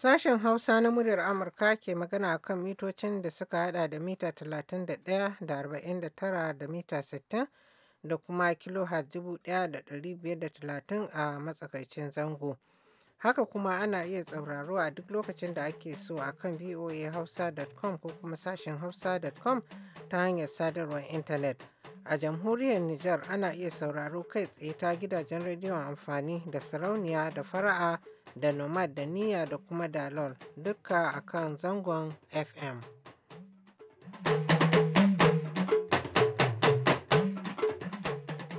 Sashen Hausa na muryar Amurka ke magana kan mitocin da suka hada da mita 31 da 49 da mita 60 da kuma kilohertz 1530 a matsakaicin zango. Haka kuma ana iya tsauraro a duk lokacin da ake so a kan voahausa.com ko kuma sashen hausa.com ta hanyar sadarwar intanet. A jamhuriyar Nijar ana iya sauraro kai tsaye ta gidajen rediyon amfani da sarauniya da fara'a da nomad da Niya da kuma dalol a kan zangon FM.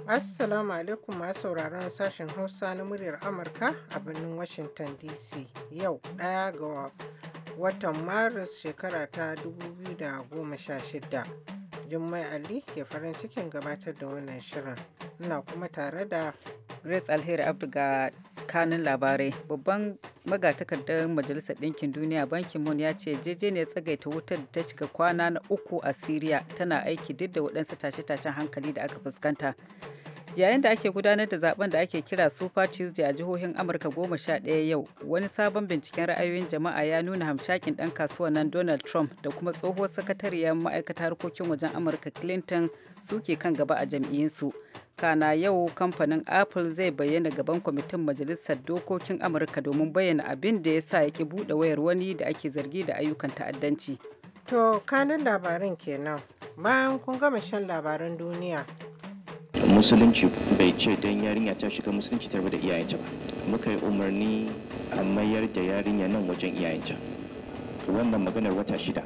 Assalamu alaikum masu sauraron sashen Hausa na muryar Amurka a birnin Washington DC yau ɗaya ga watan Maris shekara ta 2016. Jummai Ali ke farin cikin gabatar da wannan shirin. Ina kuma tare da Grace Alheri Abdu kanin labarai. Babban magatakardar Majalisar Ɗinkin Duniya Bankin Mun ya ce jejeniyar tsagaita wutar da ta shiga kwana na uku a Siriya tana aiki duk da waɗansu tashe-tashen hankali da aka fuskanta. yayin da ake gudanar da zaben da ake kira super tuesday a jihohin amurka goma sha ɗaya yau wani sabon binciken ra'ayoyin jama'a ya nuna hamshakin ɗan kasuwa nan donald trump da kuma tsohuwar sakatariyar ma'aikatar harkokin wajen amurka clinton suke kan gaba a jam'iyyinsu kana yau kamfanin apple zai bayyana gaban kwamitin majalisar dokokin amurka domin bayyana abin da ya sa ya yake buɗe wayar wani da ake zargi da ayyukan ta'addanci to kanin labarin kenan bayan kun gama shan labaran duniya musulunci bai ce don yarinya ta shiga musulunci ta da iyayenta ba muka yi umarni a mayar da yarinya nan wajen iyayenta wannan maganar wata shida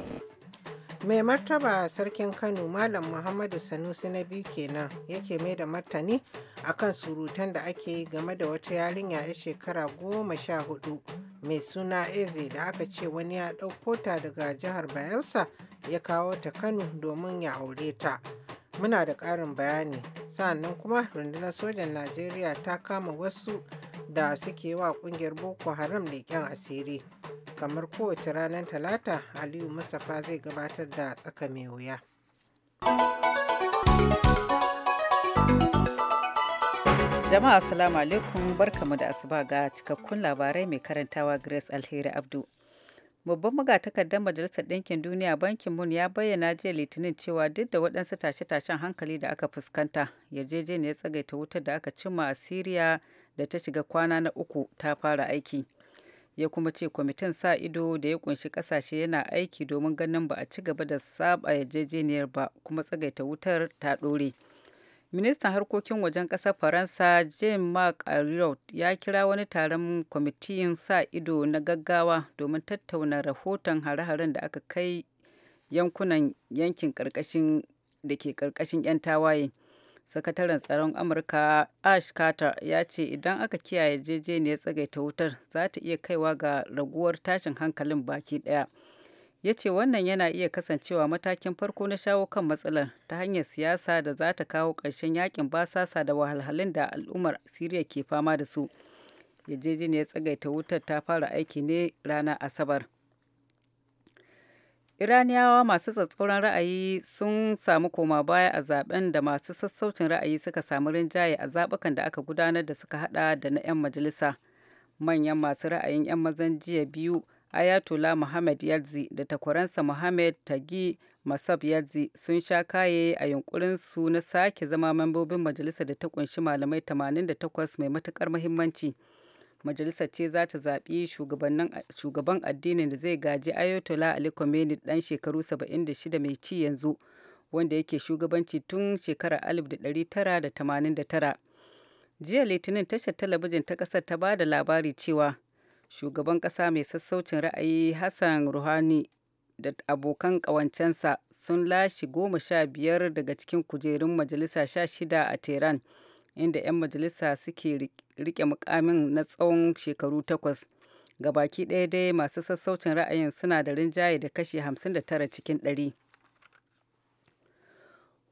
mai martaba sarkin kano malam muhammadu sanusi na biyu kenan yake mai da martani akan surutan da ake yi game da wata yarinya ya shekara goma sha hudu mai suna eze da aka ce wani ya daukota daga jihar bayelsa ya kawo ta kano domin ya aure ta muna da ƙarin bayani sannan kuma rundunar sojan najeriya ta kama wasu da suke wa kungiyar boko haram leƙen asiri kamar kowace ranar talata aliyu mustapha zai gabatar da tsaka mai wuya jama'a assalamu alaikum barkamu da asuba ga cikakkun labarai mai karantawa grace alheri abdu Babban magatakardar Majalisar Ɗinkin Duniya Bankin Mun ya bayyana jiya Litinin cewa duk da waɗansu tashe-tashen hankali da aka fuskanta, yarjejeniyar tsagaita wutar da aka cimma a Siriya da ta shiga kwana na uku ta fara aiki. Ya kuma ce kwamitin sa ido da ya kunshi ƙasashe yana aiki domin ganin ba a ci gaba da saba yarjejeniyar ba kuma tsagaita wutar ta ɗore. ministan harkokin wajen ƙasar faransa jean marc ayrault ya kira wani taron kwamitin sa ido na gaggawa domin tattauna rahoton hare-haren da aka kai yankunan yankin karkashin da ke karkashin 'yan tawaye sakataren tsaron amurka ash carter ya ce idan aka kiyaye ya tsagaita wutar za ta iya kaiwa ga raguwar tashin hankalin baki ɗaya. ya ce wannan yana iya kasancewa matakin farko na shawo kan matsalar ta hanyar siyasa da za ta kawo ƙarshen yakin basasa da wahalhalun da al'ummar siriya ke fama da su yarjejeniyar tsagaita wutar ta fara aiki ne rana asabar iraniyawa masu tsatsauran ra'ayi sun samu koma baya a zaben da masu sassaucin ra'ayi suka samu rinjaye a zabukan da aka gudanar da suka hada da na 'yan majalisa manyan masu ra'ayin 'yan mazan jiya biyu Ayatollah Muhammad Yadzi da takwaransa Muhammad Tagi Masab Yadzi sun sha kaye a su na sake zama mambobin majalisar da ta kunshi malamai 88 mai matukar muhimmanci. Majalisar ce za ta zaɓi shugaban addinin da zai gaji Ayatollah Ali Khomeini ɗan shekaru 76 mai ci yanzu wanda yake shugabanci tun shekarar 1989. Jiya Litinin tashar talabijin ta ƙasar ta ba da labari cewa shugaban ƙasa mai sassaucin ra'ayi hassan ruhani da abokan ƙawancensa sun lashe goma sha biyar daga cikin kujerun majalisa sha shida a tehran inda 'yan majalisa suke rike mukamin na tsawon shekaru takwas gabaki ɗaya dai masu sassaucin ra'ayin suna da rinjaye da kashi 59 cikin ɗari.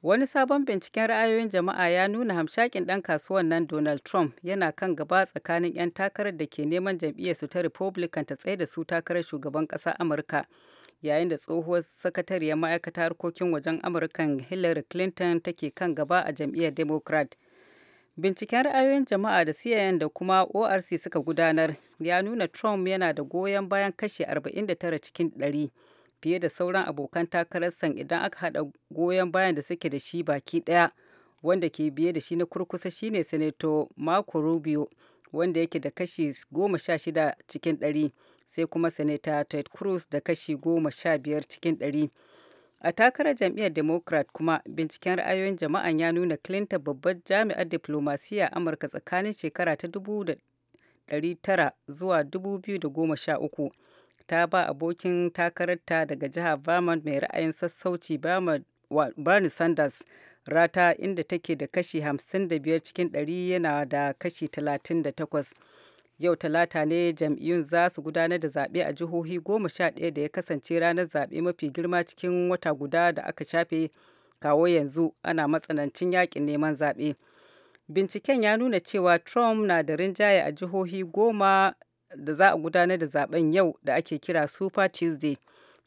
Wani sabon binciken ra'ayoyin jama'a ya nuna hamshakin ɗan kasuwan nan Donald Trump yana kan gaba tsakanin 'yan takarar da ke neman jam'iyyarsu ta Republican ta tsaye da su takarar shugaban ƙasa Amurka, yayin da tsohuwar sakatariyar ma'aikata harkokin wajen Amurkan Hillary Clinton take kan gaba a jam'iyyar Democrat. Binciken ra'ayoyin jama'a da CNN da kuma ORC suka gudanar ya nuna Trump yana da goyon bayan kashi 49 cikin 100. fiye da sauran abokan takararsa idan aka hada goyon bayan da suke da shi baki daya wanda ke biye da shi na kurkusa shine sanato marco rubio wanda yake da kashi 16 cikin ɗari sai kuma sanata ted cruz da kashi 15 cikin ɗari a takarar jam'iyyar democrat kuma binciken ra'ayoyin jama'an ya nuna clinton babbar jami'ar diplomasiya amurka tsakanin shekara ta 1900 zuwa 2013 ta ba abokin takararta daga jihar Vermont mai ra'ayin sassauci Bernie Sanders rata inda take da kashi 55 cikin 100 yana da kashi 38. Yau talata ne jam'iyyun za su gudanar da zaɓe a jihohi goma sha ɗaya da ya kasance ranar zaɓe mafi girma cikin wata guda da aka shafe kawo yanzu ana matsanancin yakin neman zaɓe. Binciken ya nuna cewa Trump na da rinjaye a jihohi goma da za a gudanar da zaben yau da ake kira Super Tuesday.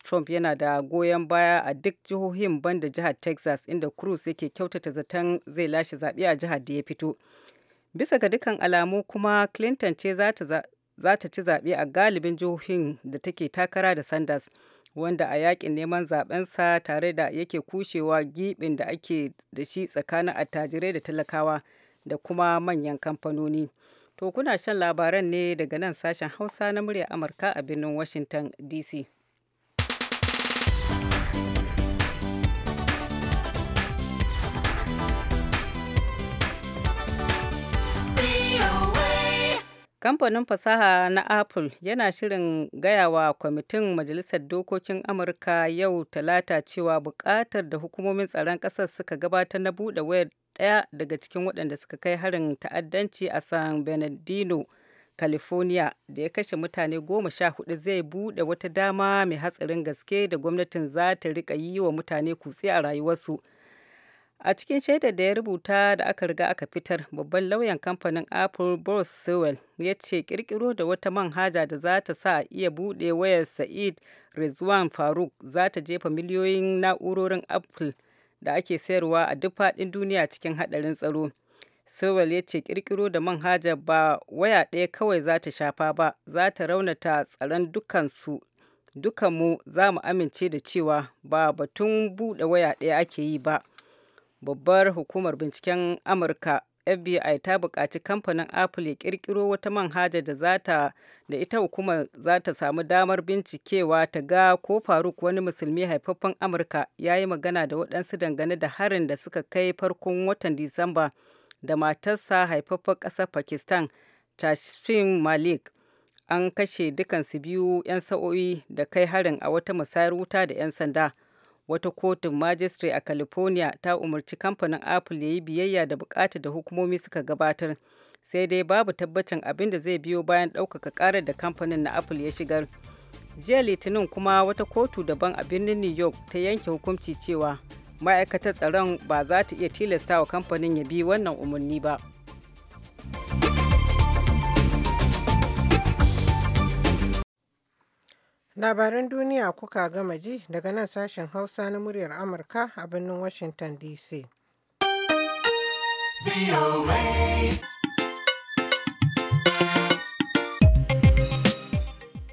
Trump yana da goyon baya a duk jihohin banda jihar Texas inda Cruz yake kyautata zaton zai lashe zaɓe a jihar da ya fito. Bisa ga dukkan alamu kuma Clinton ce za ta ci zaɓe a galibin jihohin da take takara da Sanders. wanda a yakin neman zaɓensa tare da yake kushewa gibin da ake da shi tsakanin attajirai da talakawa da kuma manyan kamfanoni To kuna shan labaran ne daga nan sashen Hausa na murya Amurka a birnin Washington DC. Kamfanin fasaha na Apple yana shirin gaya wa kwamitin Majalisar Dokokin Amurka yau Talata cewa bukatar da hukumomin tsaron ƙasar suka gabatar na buɗe wayar ɗaya daga cikin waɗanda suka kai harin ta'addanci a San Bernardino, California, da ya kashe mutane goma sha hudu zai buɗe wata dama mai hatsarin gaske da gwamnatin za ta riƙa yi wa mutane kutse a rayuwarsu. A cikin shaidar da ya rubuta da aka riga aka fitar, babban lauyan kamfanin Apple Bruce Sewell ya ce kirkiro da wata manhaja da za ta sa iya buɗe wayar Sa'id Rizwan Faruk za ta jefa miliyoyin na'urorin Apple da ake sayarwa a duk faɗin duniya cikin haɗarin tsaro. Sewell ya ce kirkiro da manhaja ba waya ɗaya kawai za ta shafa ba, za ta raunata tsaron dukansu dukanmu za mu amince da cewa ba batun buɗe waya ɗaya ake yi ba. babbar hukumar binciken amurka fbi ta buƙaci kamfanin apple ya ƙirƙiro wata manhaja da zata da ita hukumar za ta samu damar bincikewa ta ga ko faruk wani musulmi haifaffen amurka ya yi magana da waɗansu dangane da harin da suka kai farkon watan disamba da matarsa haifaffen ƙasar pakistan tashin malik an kashe dukansu biyu 'yan sa'o'i da kai harin a wata musayar wuta da 'yan sanda wata kotun majistare a california ta umarci kamfanin apple ya yi biyayya da bukatar da hukumomi suka gabatar sai dai babu tabbacin abin da zai biyo bayan ɗaukaka ƙarar da kamfanin na apple ya shigar jiya litinin kuma wata kotu daban a birnin new york ta yanke hukunci cewa ma'aikatar tsaron ba za ta iya tilastawa kamfanin ya bi wannan umarni ba. Labaran duniya kuka gama ji daga nan sashen Hausa na muryar Amurka a birnin Washington DC.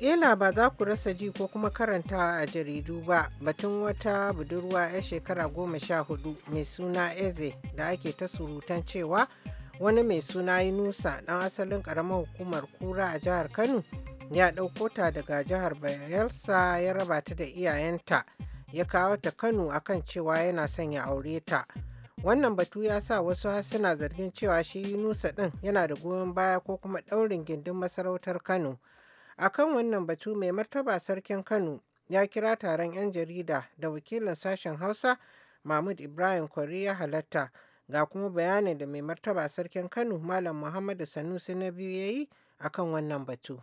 Ela ba za ku rasa ji ko kuma karanta a jaridu ba batun wata budurwa 'yar shekara goma sha hudu mai suna Eze da ake ta surutan cewa wani mai suna Yunusa ɗan asalin ƙaramar hukumar kura a jihar Kano ya ɗauko ta daga jihar bayelsa ya raba ta da iyayenta ya kawo ta kano akan cewa yana son ya aure ta wannan batu ya sa wasu har zargin cewa shi nusa ɗin yana da goyon baya ko kuma ɗaurin gindin masarautar kano akan wannan batu mai martaba sarkin kano ya kira taron 'yan jarida da wakilin sashen hausa mahmud ibrahim kwari ya halatta ga kuma bayanin da mai martaba sarkin kano malam muhammadu sanusi na biyu ya yi akan wannan batu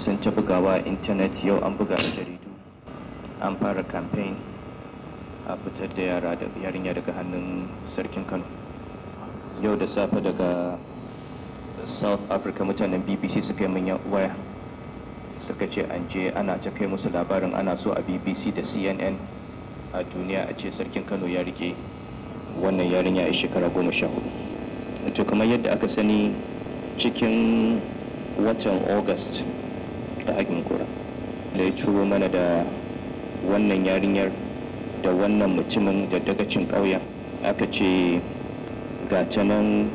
sun ta bugawa a intanet yau an buga da jaridu an fara kamfen a fitar da yara da yarinya daga hannun sarkin kano yau da safe daga south africa mutanen bbc suka yi min waya suka ce an je ana ta kai musu labarin ana so a bbc da cnn a duniya a ce sarkin kano ya rike wannan yarinya a shekara goma sha hudu to kamar yadda aka sani cikin watan august ta da ya ciro mana da wannan yarinyar da wannan mutumin da daga cin ƙauyen aka ce ga nan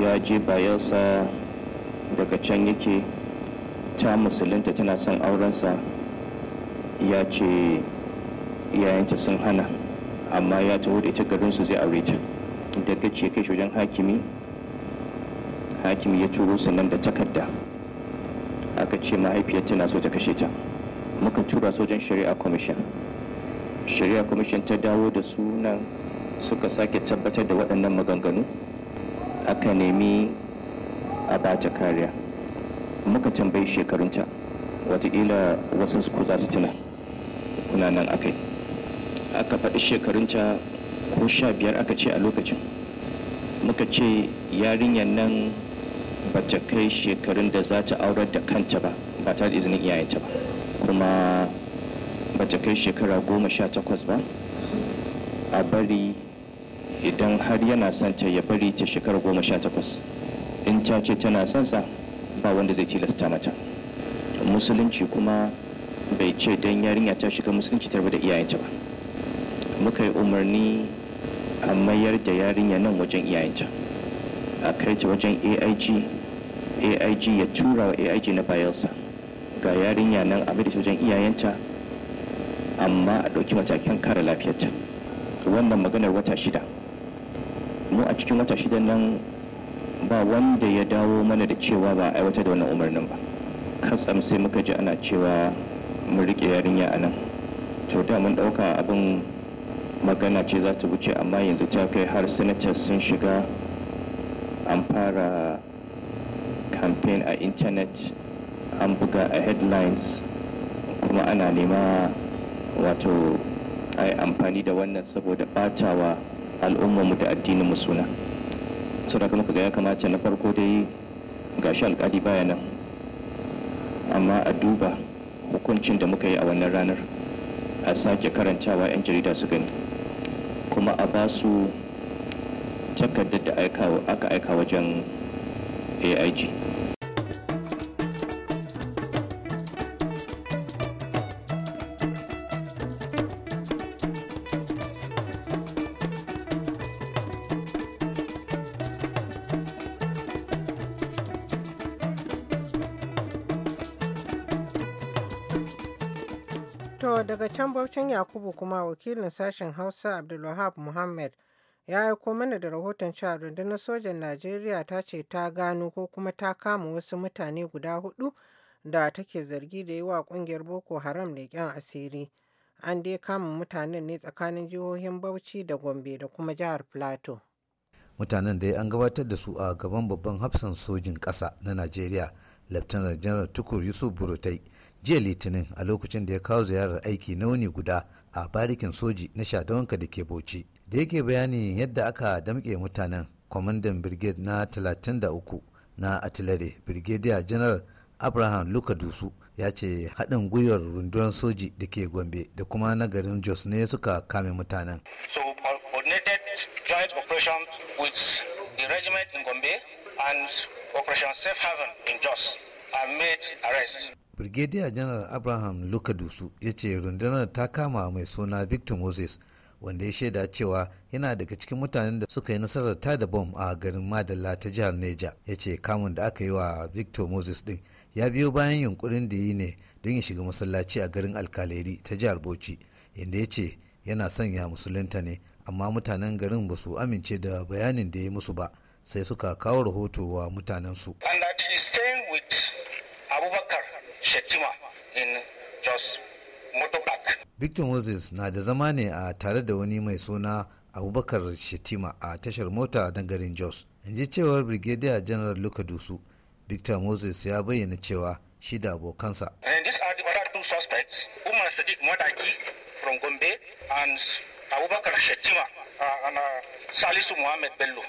ya je bayansa daga can yake ta musulunta tana son aurensa ya ce 'ya'yanta sun hana amma ya taho da ita garinsu zai aure ta daga ce kai wajen hakimi hakimi ya turo su nan da takarda aka ce mahaifiyarta na so ta kashe ta muka tura sojan shari'a commission shari'a commission ta dawo da sunan suka sake tabbatar da waɗannan maganganu aka nemi a ba ta kariya muka tambayi shekarunta watakila wasu su za su tuna kuna nan akai aka faɗi shekarunta ko sha biyar aka ce a lokacin muka ce yarinyar nan Bata kai shekarun da za ta aurar da kanta ba ba ta da izinin iyayenta ba kuma ba kai shekara goma sha takwas ba a bari idan har yana son ta ya bari ta shekara goma sha takwas in ta ce tana son sa ba wanda zai tilasta mata musulunci kuma bai ce don yarinya ta shiga musulunci tarbi da iyayenta ba muka yi umarni a mayar da yarinya nan wajen iyayenta a kai ta wajen aig aig ya tura wa aig na bayansa ga yarinya nan a da wajen iyayenta amma a ɗauki matakin kare lafiyarta wannan maganar wata shida mu a cikin wata shidan nan ba wanda ya dawo mana da cewa ba a aiwatar da wannan umarnin ba katsam sai muka ji ana cewa mun rike yarinya a nan to da mun ɗauka abin magana ce za ta wuce amma yanzu ta kai har sanatar sun shiga an fara campaign a intanet an buga a headlines kuma ana nema wato a yi amfani da wannan saboda batawa al'ummarmu da addinin suna so da kuma ga ya kamata na farko dai gashi alkali baya nan amma a duba hukuncin da muka yi a wannan ranar a sake karantawa 'yan jarida su gani kuma a ba su takardar da aka aika wajen aig To daga can Bauchin Yakubu kuma wakilin sashen Hausa Abdulwahab Muhammad ya aiko mana da rahoton cewa rundunar sojan Najeriya ta ce ta gano ko kuma ta kama wasu mutane guda hudu da take zargi da yi wa kungiyar Boko Haram leƙen asiri. An dai kama mutanen ne tsakanin jihohin Bauchi da Gombe da kuma jihar Plateau. Mutanen dai an gabatar da su a gaban babban hafsan sojin ƙasa na Najeriya, Laftanar Janar Tukur Yusuf Burutai, jiya Litinin a lokacin da ya kawo ziyarar aiki na wuni guda a barikin soji na Shadawanka da ke Bauchi. da yake bayani yadda aka damke mutanen kwamandan brigade na 33 na artillery brigadier janar abraham luka dusu ya ce haɗin gwiwar rundunar soji da ke gombe da kuma na garin jos ne suka kame mutanen so coordinated joint operation with the regiment in gombe and operation safe haven in jos are made arrest brigadier general abraham luka dusu ya ce rundunar ta kama mai suna victor moses wanda ya shaida cewa yana daga cikin mutanen da suka yi nasarar da bom a garin madalla ta jihar neja ya ce kamun da aka yi wa victor moses din ya biyo bayan yunkurin da yi ne don ya shiga masallaci a garin alkaleri ta jihar bauchi inda ya ce yana sanya musulunta ne amma mutanen garin ba su amince da bayanin da ya musu ba sai suka kawo rahoto wa mutanensu. su with Abubakar Shetima in Jos victor moses na da zama ne a tare da wani mai suna abubakar shetima a tashar mota na garin jos in ji cewar brigadier general luka dusu victor moses ya bayyana cewa shi da abokansa uh, uh, salisu muhammad bello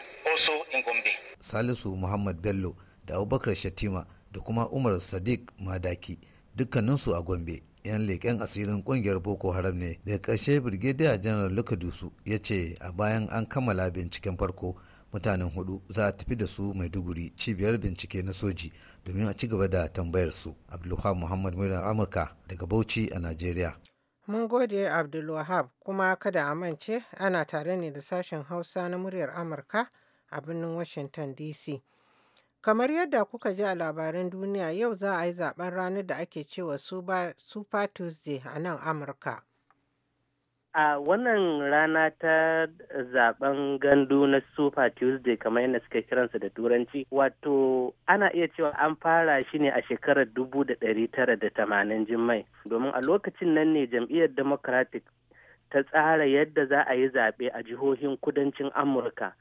salisu muhammad bello da abubakar shetima da kuma umar sadiq madaki dukkaninsu a gombe 'yan leƙen asirin ƙungiyar boko haram ne daga ƙarshe birgediya janar luka dusu ya ce a bayan an kammala binciken farko mutanen hudu za a tafi da su maiduguri cibiyar bincike na soji domin a ci gaba da tambayar su abdulwahab muhammad murar amurka daga bauchi a nigeria mun gode abdulwahab kuma kada a mance ana tare ne da sashen hausa na muryar amurka a birnin washington dc Kamar yadda kuka ji a labaran duniya yau za a yi zaben ranar da ake cewa Super Tuesday a nan Amurka. A wannan rana ta zaben gandu na Super Tuesday kamar yadda suka kiransa da turanci, wato ana iya cewa an fara shi ne a shekarar dubu da tara da jimai. Domin a lokacin nan ne jam'iyyar Democratic ta tsara yadda za a yi zaɓe a jihohin kudancin Amurka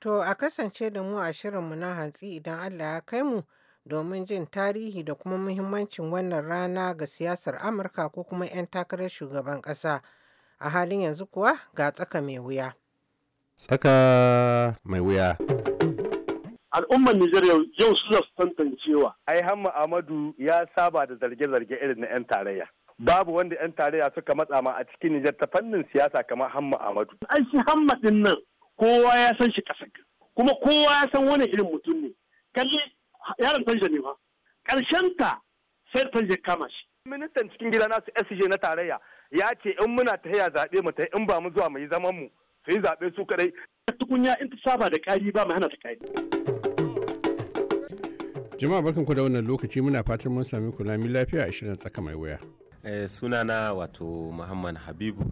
To a kasance da mu a shirinmu na hantsi idan Allah ya kai mu domin jin tarihi da kuma muhimmancin wannan rana ga siyasar Amurka ko kuma 'yan takarar shugaban ƙasa. A halin yanzu kuwa ga tsaka mai wuya. Tsaka mai wuya. al'ummar Nijar yau su tantancewa. Ai Hamma Amadu ya saba da zarge-zarge irin na 'yan tarayya. Babu wanda 'yan tarayya suka matsa ma a cikin Nijar ta fannin siyasa kamar Hamma Amadu. Ai shi Hamma din nan kowa ya san shi kasa kuma kowa ya san wani irin mutum ne kalli yaron tanja ne ba ta sai tanja kama shi ministan cikin gida nasu sj na tarayya ya ce in muna tahiya zaɓe mu in ba mu zuwa mai zaman mu su yi zabe su kadai tukunya in ta saba da kari ba mu hana ta ƙari jama'a barkan ku da wannan lokaci muna fatan mun sami kula lafiya a shirin tsaka mai waya eh, sunana wato muhammad habibu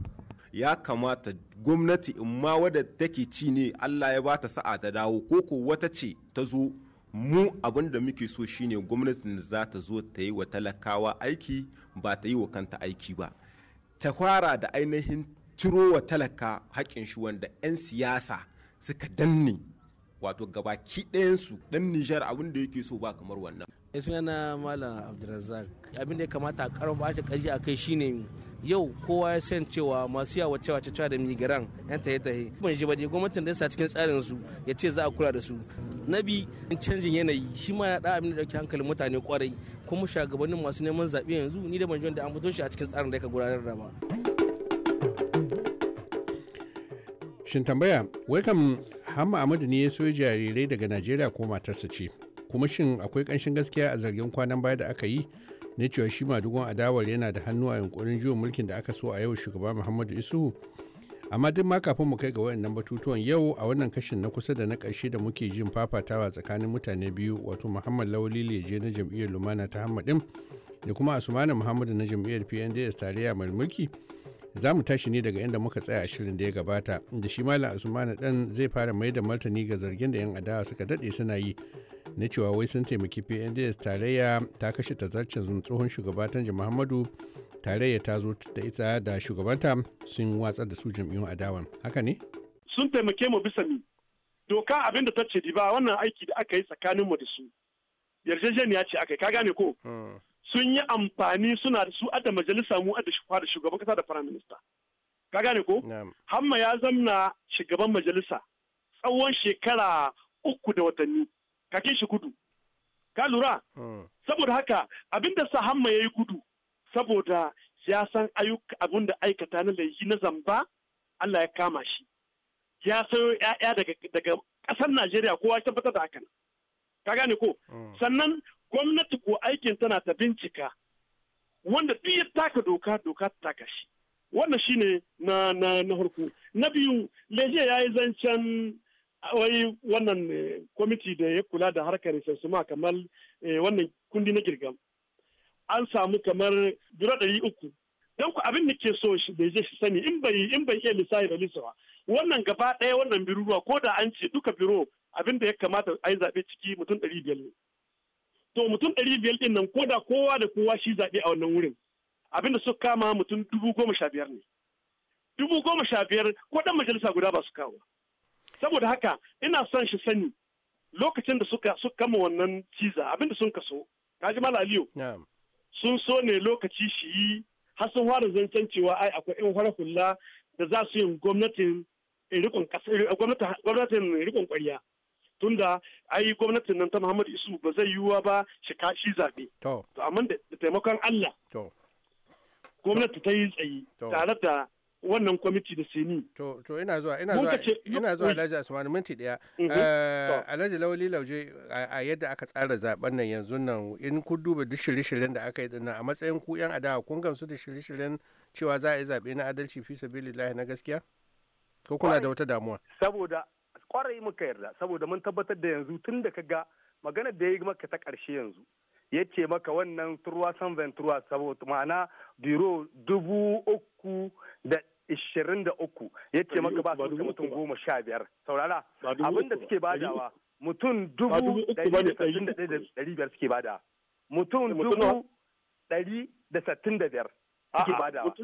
ya kamata gwamnati in ma wadda take ci ne Allah ya bata sa'a ta dawo ko ko wata ce ta zo mu abin da muke so shine gwamnatin za ta zo ta yi wa talakawa aiki ba ta yi wa kanta aiki ba ta fara da ainihin ciro wa talaka haƙin shi wanda 'yan siyasa suka danne wato gabaki ɗayansu ɗan nijar abin da yake so ba kamar wannan ya eh, sunana malam abdulrazak abin da ya kamata a karo ba kaji a kai shine yau kowa ya san cewa masu yawa cewa cewa da garan yan tahe tahe ban ji baje gwamnatin da sa cikin tsarin su ya ce za a kula da su na bi canjin yanayi shi ma ya da abin da dauki hankalin mutane kwarai kuma shugabannin masu neman zaɓe yanzu ni da ban ji an fito shi a cikin tsarin da ka gudanar da ba shin tambaya wai kam hamma amadu ne ya so jarirai daga najeriya ko matarsa ce kuma shin akwai ƙanshin gaskiya a zargin kwanan baya da aka yi na cewa shi madugon adawar yana da hannu a yunkurin juyin mulkin da aka so a yau shugaba muhammadu isuhu amma duk ma kafin mu kai ga wayannan batutuwan yau a wannan kashin na kusa da na ƙarshe da muke jin fafatawa tsakanin mutane biyu wato muhammad lawali leje na jam'iyyar lumana ta hammadin da kuma asumana muhammadu na jam'iyyar pnds tarayya mai mulki za mu tashi ne daga inda muka tsaya a shirin da ya gabata da shi malam asumana dan zai fara mai da martani ga zargin da yan adawa suka daɗe suna yi na cewa wai sun taimaki pnds tarayya ta kashe tazarcin tsohon shugabatan muhammadu tarayya ta zo da ita da shugabanta sun watsar da su jam'iyyun adawan haka ne sun taimake mu bisa ni doka abinda ta ce ba wannan aiki da aka yi tsakanin mu da su yarjejeniya ce aka yi ka gane ko hmm. sun yi amfani suna da su da majalisa mu da shugaban kasa da prime minister ka gane ko hamma ya zamna shugaban majalisa tsawon shekara uku da watanni ka kai shi gudu ka lura hmm. saboda haka abinda sahamma ya yi gudu saboda ya san abin da aikata na laifi na zamba Allah ya kama shi ya sayo ‘ya'ya daga ƙasar Najeriya kowa ya tabbatar da hakan ka gane ko hmm. sannan gwamnati ko aikin tana ta bincika wanda duk ya taka doka doka ta taka shi wannan shine na na na na biyu lejiya ya yi zancen wai wannan eh, kwamiti da ya kula da harkar sansuma kamar eh, wannan kundi na girgam an samu kamar biro ɗari uku don ku abin da ke so da bai je shi sani in bai in bai iya lissafi da lissawa wannan gaba ɗaya wannan biruwa ko da an ce duka biro abin da ya kamata a yi zaɓe ciki mutum ɗari biyar ne to mutum ɗari biyar ɗin nan ko da kowa da kowa shi zaɓe a wannan wurin abin da suka kama mutum dubu goma sha biyar ne dubu goma sha biyar ko ɗan majalisa guda ba su kawo saboda haka ina son shi sani lokacin da suka kama wannan ciza abinda sun kaso kaji mala aliyu sun so ne lokaci shi yi har sun fara zancen cewa ai akwai in fara da za su yi gwamnatin eh, rikon eh, gwamnatin rikon kwariya tunda ai gwamnatin nan ta Muhammadu Isu ba zai yiwuwa ba shi kashi zabe to amma da taimakon Allah gwamnati ta yi tsayi tare da wannan kwamiti da sini. To, to ina zuwa ina zuwa ina zuwa Alhaji Asmanu minti daya. Mhm. Eh, Alhaji Lawali Lauje a yadda aka tsara zaben nan yanzu nan in kun duba duk shirye-shiryen da aka yi din a matsayin ku ƴan adawa kun gamsu da shirye-shiryen cewa za a yi zaɓe na adalci fi sabilillahi na gaskiya? Ko kuna da wata damuwa? Saboda kwarai muka yarda saboda mun tabbatar da yanzu tun da ka ga maganar da ya yi maka ta ƙarshe yanzu ya ce maka wannan turwa san ventura saboda ma'ana biro dubu uku da ishirin da uku ya ce maka ba su mutum goma sha biyar saurara abin da suke badawa mutum dubu ɗari da sittin da biyar suke bada mutum dubu ɗari da sittin da biyar suke badawa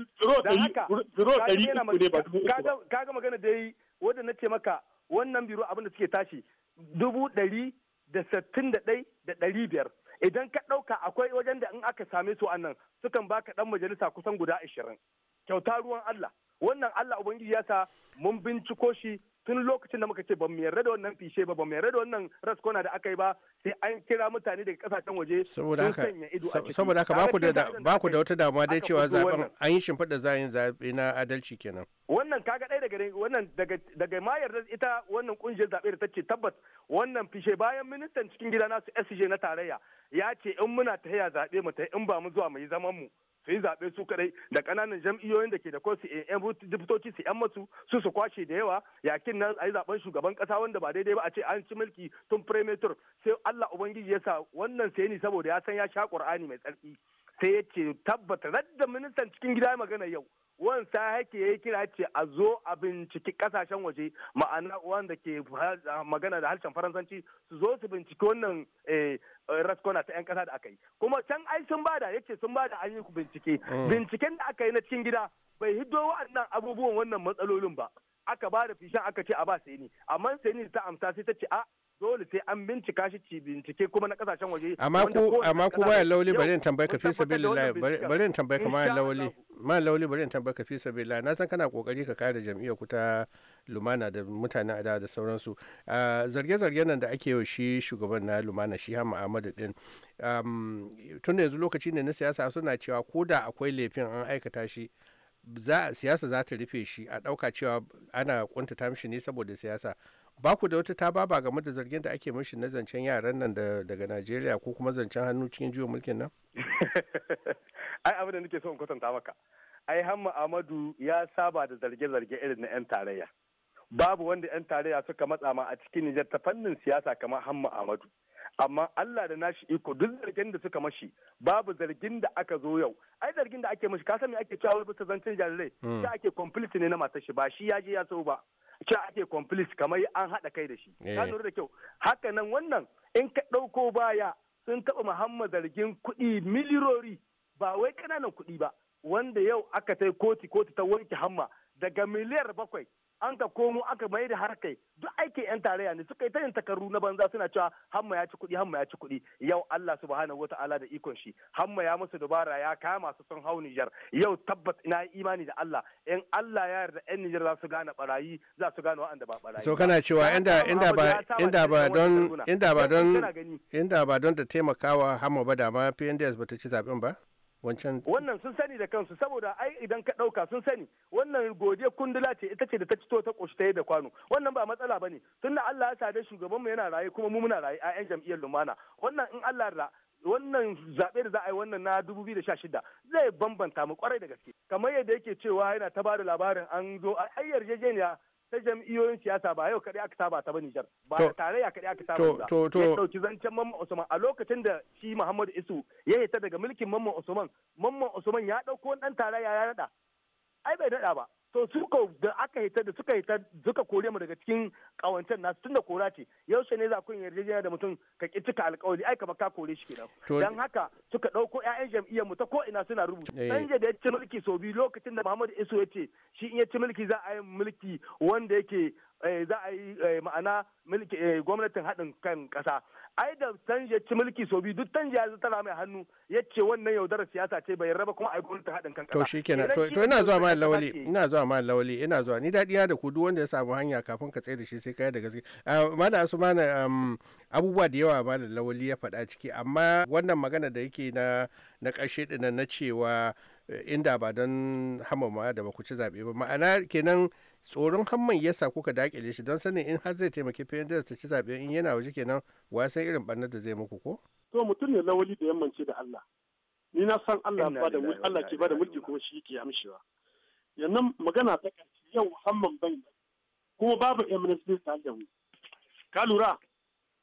don haka kaga magana da yi wadda na ce maka wannan biro abin da suke tashi dubu ɗari da sittin da ɗai da ɗari biyar idan ka ɗauka akwai wajen da in aka same su a nan sukan baka ɗan majalisa kusan guda ashirin kyauta ruwan Allah wannan Allah ubangiji ya sa mun binciko shi tun lokacin da muka ce ba mu yarda da wannan fishe ba ba mu yarda da wannan raskona da aka yi ba sai an kira mutane daga kasashen waje saboda haka saboda haka baku da baku da wata damuwa dai cewa zaben an yi shimfiɗa zayin zabe na adalci kenan wannan kaga ɗaya daga wannan daga daga ma yarda ita wannan kungiyar zabe da tace tabbas wannan fishe bayan ministan cikin gida nasu SJ na tarayya ya ce in muna tahiya zabe mu ta in ba mu zuwa mu yi zaman mu su yi zaɓe su kaɗai da ƙananan jam'iyyoyin da ke da ko su yan eh, diputoci su yan masu su su kwashe da yawa yakin nan a yi zaɓen shugaban ƙasa wanda ba daidai ba a ce an ci mulki tun premature sai Allah ubangiji ya sa wannan sai ni saboda ya san ya sha ƙur'ani mai tsarki sai ya ce tabbata radda ministan cikin gida magana yau Wansa yake ya yi kira ce a zo a binciki kasashen waje ma'ana wanda ke magana da harshen faransanci su zo su binciki wannan eh, raskona ta 'yan kasa da aka yi kuma can ai sun bada ya ce sun bada an yi bincike mm. binciken da aka yi na cikin gida bai hiddo waɗannan abubuwan wannan matsalolin ba aka ba da fishan aka ce a ba sai ni amma sai ni ta amsa sai ta ce a dole sai an bincika shi bincike kuma na kasashen waje amma ku amma ku bayan lauli bari in tambaye ka fi sabilillah bari in tambaye ka ma lauli ma lauli bari in tambaye ka fi sabilillah na san kana kokari ka kare jami'a ku ta lumana da mutanen ada da sauransu zarge-zargen nan da ake yi shi shugaban na lumana shi ha ahmadu din tun yanzu lokaci ne na siyasa suna cewa ko da akwai laifin an aikata shi siyasa za ta rufe shi a ɗauka cewa ana kuntata mishi ne saboda siyasa ba ku da wata ta ba game da zargin da ake mashi na zancen yaran nan daga najeriya ko kuma zancen hannu cikin jiwon mulkin nan ai abin da nake so in kwatanta maka ai hamma amadu ya saba da zarge-zarge irin na 'yan tarayya babu wanda 'yan tarayya suka matsa ma a cikin nijar ta fannin siyasa kamar hamma amadu amma allah da nashi iko duk zargin da suka mashi babu zargin da aka zo yau ai zargin da ake mashi ka sani ake cewa wai zancen jarirai hmm. Shi ake complete ne na matar shi ba shi ya je ya so ba ce ake complice kamar an haɗa kai da shi ka eh. lura da kyau haka nan wannan in ka ɗauko baya sun taɓa muhammad zargin kuɗi miliyori ba wai ƙananan kuɗi ba wanda yau aka tai koti koti ta wanke hamma daga miliyar bakwai an ka komo aka mai da harkai duk aiki yan tarayya ne suka yi ta yin takarru na banza suna cewa hamma ya ci kuɗi hamma ya ci kuɗi yau Allah subhanahu wataala da ikon shi hamma ya musu dubara ya kama masu sun hau Nijar yau tabbas ina imani da Allah in Allah ya yarda yan Nijar za su gane barayi za su gane wa'anda ba barayi so kana cewa inda inda ba inda ba don inda ba don inda ba don da taimakawa hamma ba da ma PNDS ba ta ci zaben ba wannan sun sani da kansu saboda ai idan ka dauka sun sani wannan godiya kundula ce ita ce da ta cito ta koshi ta da kwano wannan ba matsala bane tunda Allah ya sada shugabanmu yana raye kuma mu muna raye a 'yan jam'iyyar lumana wannan in Allah ya wannan zaɓe da za a yi wannan na 2016 zai bambanta mu kwarai da gaske kamar yadda yake cewa yana ta ba da labarin an zo a yarjejeniya ta jam'iyyoyin siyasa ba yau kaɗai aka saba ta ba Nijar ba da tarayya kaɗai aka saba ba to to zancen Mamman Usman a lokacin da shi Muhammadu Isu ya hita daga mulkin Mamman Usman Mamman Usman ya ɗauko ɗan tarayya ya naɗa ai bai naɗa ba to su da aka hita da suka hita suka kore mu daga cikin kawancen nasu tunda kora ce yaushe ne za ku yarjejeniya da mutum ka ki cika alkawari ai kamar ka kore shi kenan dan haka suka dauko ƴaƴan jam'iyyar mu ta ko ina suna rubutu. dan eh. da ya ci mulki so biyu lokacin da Muhammadu Isu ya ce shi in ya ci mulki za a yi mulki wanda yake Eh, za a yi eh, ma'ana eh, gwamnatin haɗin kan ƙasa ai da tanji ya ci mulki sau biyu duk tanji ya tara mai hannu ya ce wannan yaudarar siyasa ce bai raba kuma ai gwamnatin haɗin kan ƙasa to shikenan to ina zuwa ma lawali ina zuwa ma lawali ina zuwa ni daɗi da ku duk wanda ya samu hanya kafin ka tsaye da shi sai yi da gaske mala asumana um, abubuwa da yawa mala lawali ya faɗa ciki amma wannan magana da yake na na ƙarshe ɗin na cewa inda ba don hama da ba ku ci zaɓe ba ma'ana kenan tsoron hamman yasa kuka dakile shi don sanin in har zai taimaki PNDS ta ci zaɓe in yana waje kenan wa san irin barnar da zai muku ko to mutum ne lawali da yammance da Allah ni na san Allah ba da Allah ke ba da mulki kuma shi ke amshewa yannan magana ta ƙarshe yau hamman ban kuma babu eminence ta sajan ka lura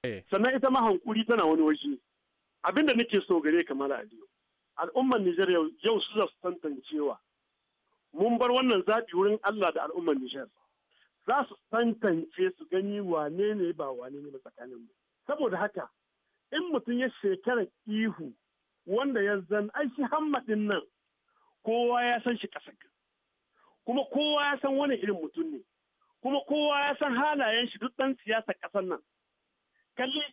eh. sannan ita ma hankuri tana wani waje abinda nake so gare kamar aliyu al'ummar Nijar yau su su tantancewa mun bar wannan zaɓi wurin Allah da al'ummar Nijar. Za su tantance su gani wane ne ba wane ne tsakanin mu. Saboda haka, in mutum ya shekara ihu wanda ya zan ai shi hammadin nan kowa ya san shi ƙasa. Kuma kowa ya san wani irin mutum ne. Kuma kowa ya san halayen shi duk ɗan siyasar ƙasar nan. Kalli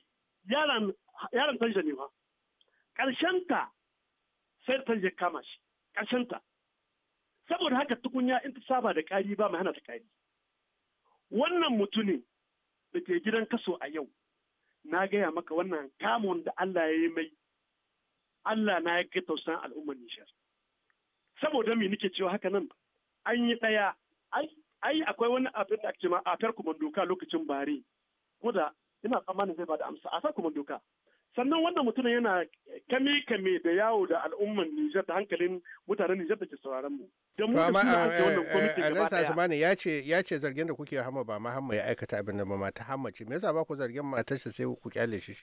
yaran yaran tanja ne ba. Ƙarshenta sai tanja kama shi. Ƙarshenta. saboda haka tukunya in ta saba da kari ba mai hana ta kari wannan mutumin da ke gidan kaso a yau na gaya maka wannan kamun da Allah ya yi mai Allah na ya tausan al'ummar Nishar saboda mai nake cewa haka nan an yi ɗaya ai akwai wani abin da ake ma afar kuma doka lokacin bare ko da ina tsammanin zai bada amsa afar kuma doka sannan wannan mutum yana kame kame da yawo da al'umman Nijar da hankalin mutanen Nijar da ke sauraron mu da mu da eh, wannan kwamiti eh, eh, gaba ya ce ya ce zargin da kuke hama ba ma hamma ya aikata abin da ma ta hamma ce me yasa ba ku zargin matar shi sai ku kyale shi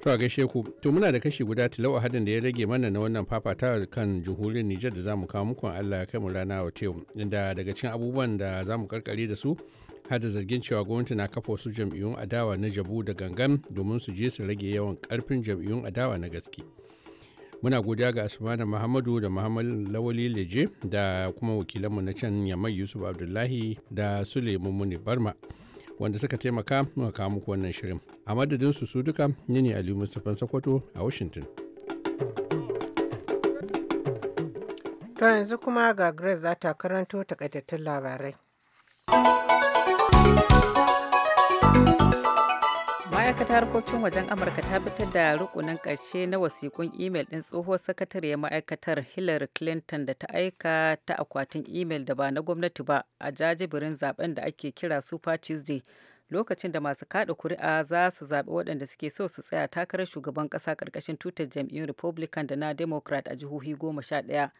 To a gaishe ku, to muna da kashi guda tilau a hadin da ya rage mana na wannan fafata kan jihurin Nijar da zamu kawo muku Allah ya kai mu rana wa inda daga cikin abubuwan da zamu karkare da su hada zargin cewa gwamnati na kafa wasu jam'iyyun adawa na jabu da gangan domin su je su rage yawan karfin jam'iyyun adawa na gaske muna godiya ga asmana muhammadu da muhammad lawali leje da kuma wakilanmu na can yamai yusuf abdullahi da suleiman muni barma wanda suka taimaka muka kawo muku wannan shirin a madadin su su duka ni ne ali mustapha sakwato a washington to yanzu kuma ga grace za ta karanto takaitattun labarai ma'aikatar harkokin wajen amurka ta fitar da rukunin ƙarshe na wasiƙun imel ɗin tsohuwar sakatariyar ma'aikatar hillary clinton da ta aika ta akwatin imel da ba na gwamnati ba a jajibirin zaben da ake kira super tuesday lokacin da masu kada kuri'a za su zaɓi waɗanda suke so su tsaya takarar shugaban ƙasa ƙarƙashin tutar jam'iyyun republican da na democrat a jihohi goma sha ɗaya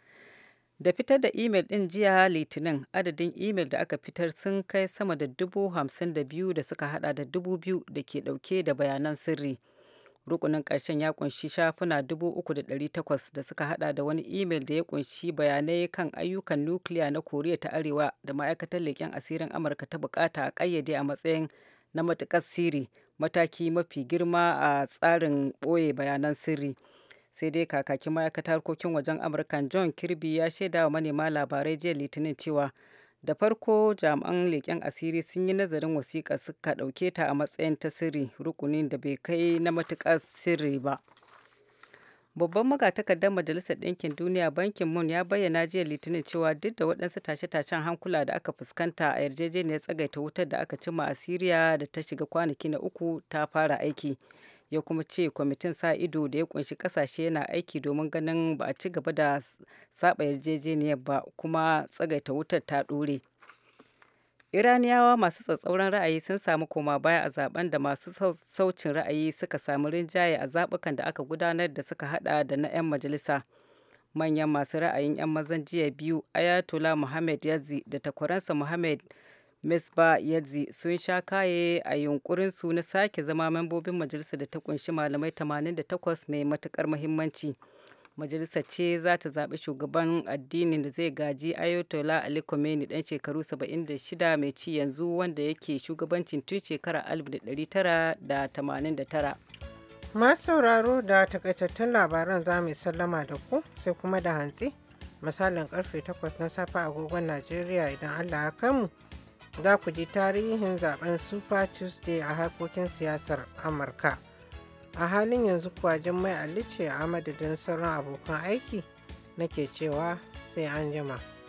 da fitar da imel din jiya litinin adadin imel da aka fitar sun kai sama da dubu hamsin da biyu da suka hada da dubu biyu da ke dauke da bayanan sirri rukunin karshen ya kunshi shafuna dubu uku da dari takwas da suka hada da wani imel da ya kunshi bayanai kan ayyukan nukiliya na koriya ta arewa da ma'aikatar leƙen asirin amurka ta bukata a kayyade a matsayin na matuƙar sirri mataki mafi girma a tsarin boye bayanan sirri sai dai kakakin ma'aikatar harkokin wajen amurka john kirby ya shaida wa manema labarai jiya litinin cewa da farko jami'an leƙen asiri sun yi nazarin wasiƙa suka ɗauke ta a matsayin ta sirri rukunin da bai kai na matuƙar sirri ba babban magatakardar majalisar ɗinkin duniya bankin mun ya bayyana jiya litinin cewa duk da waɗansu tashe-tashen hankula da aka fuskanta a yarjejeniyar tsagaita wutar da aka cima a siriya da ta shiga kwanaki na uku ta fara aiki ya kuma ce kwamitin sa ido da ya kunshi kasashe yana aiki domin ganin ba a ci gaba da saba yarjejeniyar ba kuma tsagaita wutar ta dore iraniyawa masu tsatsauran ra'ayi sun samu koma baya a zaben da masu saucin ra'ayi suka samu rinjaye a zabukan da aka gudanar da suka hada da na 'yan majalisa manyan masu ra'ayin 'yan mazan jiya biyu ayatollah muhammad yazi da takwaransa muhammad misba yadzi sun sha kaye a yunkurinsu na sake zama membobin majalisar da ta kunshi malamai 88 mai matukar muhimmanci majalisar ce za ta zaɓi shugaban addinin da zai gaji ayatollah ali Khamenei ɗan shekaru 76 mai ci yanzu wanda yake shugabancin tun shekara 1989 masu sauraro da takaitattun labaran za mu sallama da ku sai kuma da hantsi misalin karfe 8 na safe agogon najeriya idan allah ya kai mu za ku ji tarihin zaben super tuesday a harkokin siyasar amurka a halin yanzu kuwa Jummai mai alice a madadin sauran abokan aiki nake cewa sai an jima.